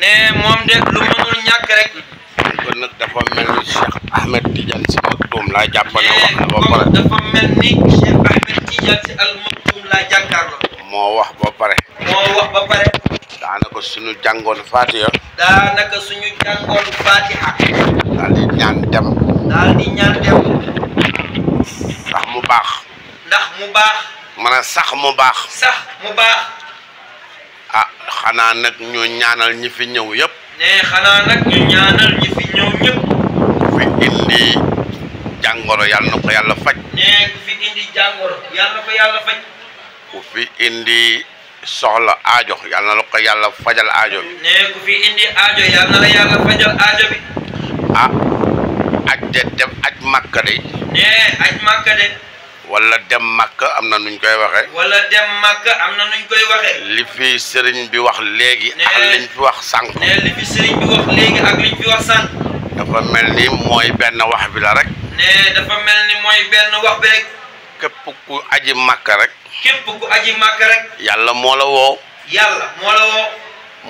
ne moom de lu mënul ñàkk rek. dafa mel ni Cheikh Ahmed Tidiane si Maktoum laa jàpp wax ba pare. dafa mel ni Cheikh Ahmed moo wax ba pare. moo wax ba pare. daanaka suñu jàngoon Fatiha. daanaka suñu jàngoon Fatiha. daal di ñaan dem. daal ñaan dem. ndax mu baax. ndax mu baax. mën sax mu baax. sax mu baax. ah xanaa nag ñu ñaanal ñi fi ñëw yëpp. nee xanaa nag ñu ñaanal ñi fi ñëw ñëpp. fi indi jàngoro yàlla na ko yàlla faj. nee ku fi indi jàngoro yàlla na ko yàlla faj. ku fi indi soxla aajo yàlla na la ko yàlla fajal aajo bi. nee ku fi ah, aj de dem aj màkka de. nee aj màkka de. wala dem màkk am na nuñ koy waxee. wala koy sëriñ bi wax léegi. ak liñ fi wax sànq. ne li fi sëriñ bi wax léegi ak fi wax sànq. dafa mel nii mooy benn wax bi la rek. ne dafa mel ni mooy benn wax bi rek. képp ku aji màkk rek. képp ku aji màkk rek. yàlla moo la woo. yàlla moo la woo.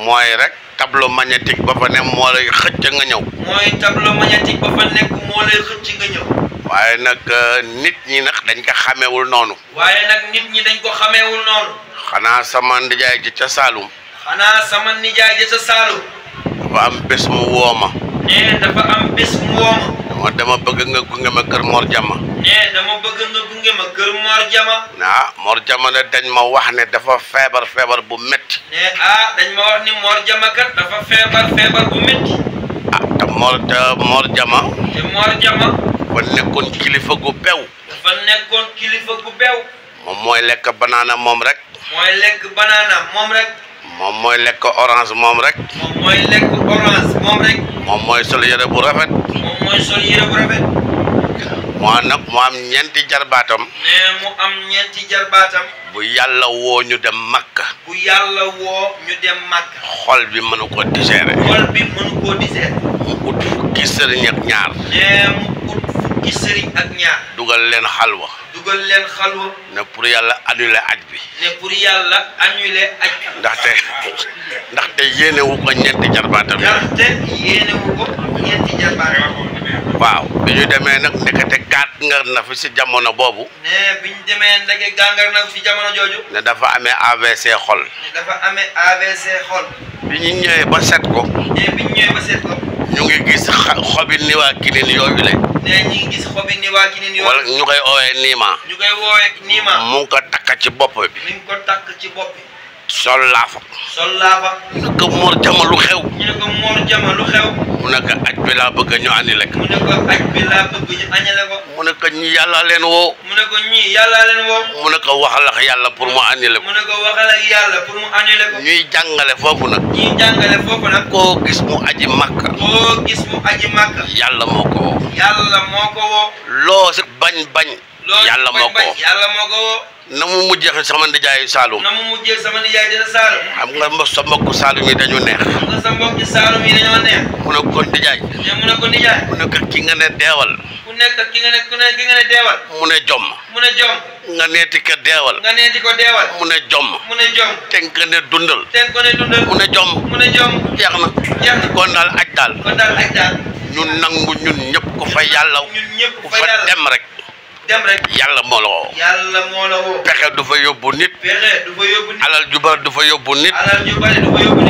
mooy rek. tableau magnétique ba fa ne moo lay xëcc nga ñëw. mooy tableau magnétique ba fa nekk moo lay xëcc nga ñëw. waaye nag euh, nit ñi nag dañ ko xamewul noonu. waaye nag nit ñi dañ ko xamewul noonu. xanaa sama nijaay ji ca Saalum. xanaa sama nijaay ji ca Saalum. dafa am bés mu wooma. nee dafa am bés mu wooma. ma dama bëgg nga gunge ma kër Mor Jama. nee dama bëgg nga gunge ma kër Mor Jama. ah Mor Jama ne dañ ma wax ne dafa feebar feebar bu métti. nee ah dañ ma wax ni Mor Jama dafa feebar feebar bu métti. ah te Mor Jama. te Mor Jama. dafa nekkoon kilifa gu bew. moom mooy lekk banaana moom rek. mooy lekk banaana moom rek. moom mooy lekk orange moom rek. moom mooy lekk orange moom rek. moom mooy sol yére bu rafet. moom mooy sol yére bu rafet. moo nag mu am ñeenti jarbaatam. nee mu am ñeenti jarbaatam. bu yàlla woo ñu dem Makka. bu yàlla woo ñu dem Makka. xol bi mënu ko digérer. xol bi mënu ko digérer. mu ut fukki sëriñ ak ñaar. dugal leen xalwa dugal leen xalwa ne pour yàlla annulé aj bi ne pour yàlla annulé aj ndaxte ndaxte yéene wu ko ñeenti jarbaatam ndaxte yéene wu waaw bi ñu demee nag ndekete gàngar na fi si jamono boobu ne bi ñu demee ndeke gàngar na fi jamono dafa amee AVC xol xol bi ñu ñëwee ba set ko ñu ngi gis xobi niwaa kilin yooyu le nee wala ñu koy oowee niima. ñu koy woowee niima. mu ngi ko takk ci bopp bi. mu ko takk ci bopp sol laa fa. sol laa fa. mu ne Jama lu xew. mu ne aj bi laa bëgg ñu annulé ko. mu ne aj bi laa ñu annulé ko. mu ne ko yàlla leen woo. mu ne ko yàlla leen mu ne ko pour mu annulé ko. ñuy jàngale foofu nag. ñuy jàngale koo gis mu aji màkk. koo gis mu aji màkk. yàlla moo yàlla moo ko bañ bañ. yàlla moo ko woo. yàlla moo ko woo. na mu mujjee sama ndijaayu Saalum. na mu mujjee sama ndijaayu Saalum. xam nga mbokk sa mbokku Saalum yi dañu neex. mu ne ko ndijaay. mu ne ko ndijaay. mu ne jom. mu ne jom. nga neeti ko deewal. nga neeti ko mu ne jom. mu ne jom. te nga ne mu ne jom. jeex na. jeex na kon aj daal. kon nangu ñun ñëpp ku fa yàlla. ñun fa dem rek. dem yàlla moo la woo. yàlla pexe du fa yóbbu nit. pexe alal ju du fa yóbbu nit.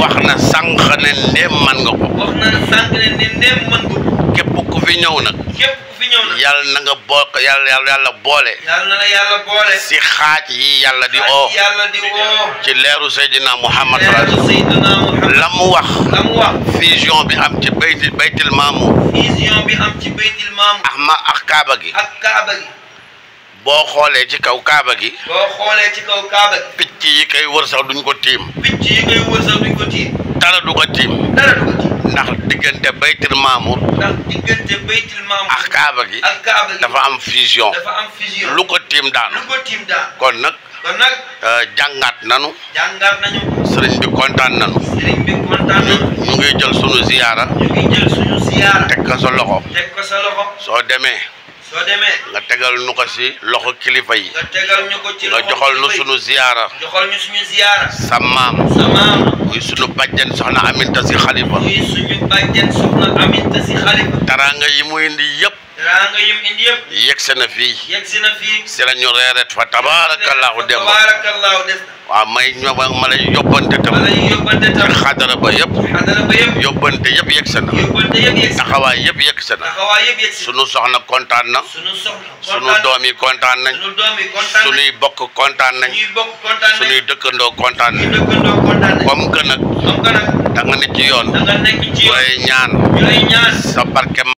wax na sànq ne ndéem man nga ko. wax na képp ku fi ñëw nag. yàlla na nga bokk yàlla boole. yàlla si xaaj yi yàlla di oo. ci leeru Seydina Muhammad. mu wax. la mu wax. fusion bi am ci bayti baytil maamu. gi. boo xoolee ci kaw kaaba gi. picc yi koy wër sax duñ ko tiim. picc ko tiim. du ko tiim. ndax diggante baytil maamur. ak kaaba gi. dafa am fusion. lu ko tiim daanu. lu ko tiim daanu euh, nanu. jàngaat bi kontaan nanu. sëriñ bi kontaan ngi jël sunu ziyaara. ñu ngi loxo. soo demee. soo nga tegal nu ko si loxo kilifa yi. nga tegal ñu ko nu sunu ziyaara. joxal muy sunu bàjjen soxna Aminta si xalifa. muy suñu taraanga yi mu indi yëpp. teraanga yim na fii si la ñu reeret fa tabaarakallaahu dem tabaarakallaahu may ño ma lay yóbbante tam ma lay xadara ba yëpp xadara ba yëpp yóbbante yëpp yegsi na taxawaay yëpp yegsi sunu soxna kontaan na sunu soxna sunu yi kontaan nañ sunu bokk kontaan nañ dëkkandoo kontaan nañ dëkkandoo kontaan ne ci yoon waaye ñaan sa barke